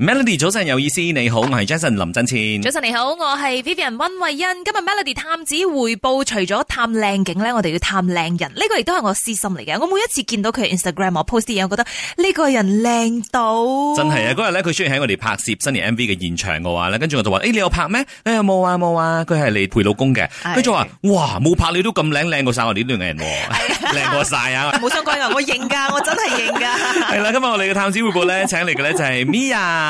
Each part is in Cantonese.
Melody 早晨有意思，你好，啊、我係 Jason 林振千。早晨你好，我係 Vivian 溫慧欣。今日 Melody 探子匯報，除咗探靚景咧，我哋要探靚人。呢、這個亦都係我私心嚟嘅。我每一次見到佢嘅 Instagram 我 post 嘢，我覺得呢、這個人靚到。真係啊！嗰日咧，佢雖然喺我哋拍攝新年 MV 嘅現場嘅話咧，跟住我就話：誒、欸，你有拍咩？誒、欸，冇啊，冇啊。佢係嚟陪老公嘅。佢住我話：哇，冇拍你都咁靚，靚的 過晒我哋呢段嘅人，靚過晒啊！冇 相干噶，我認噶，我真係認噶。係啦， 今日我哋嘅探子匯報咧，請嚟嘅咧就係 Mia。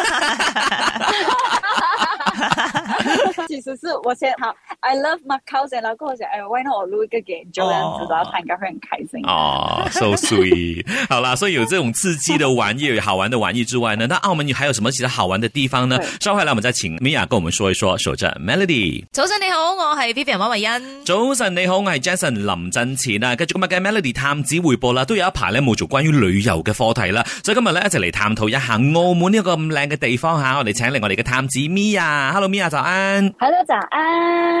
其實是我先好，I love Macau 先，然後先，哎，為何我錄一個給 Joan，我知道他應該會很開心。哦，so sweet 好啦，所以有這種刺激的玩意、 好玩的玩意之外呢，那澳門你還有什麼其他好玩的地方呢？對稍後來我們再請 Mia 跟我們說一說。說着早晨，Melody，早晨你好，我是 Vivian 王偉欣。早晨你好，我是 Jason 林振前啊。跟住今日嘅 Melody 探子回報啦，都有一排咧冇做關於旅遊嘅課題啦，所以今日咧一齊嚟探討一下澳門呢個咁靚嘅地方吓，我哋請嚟我哋嘅探子 Mia，Hello Mia，早安，Hello 早安。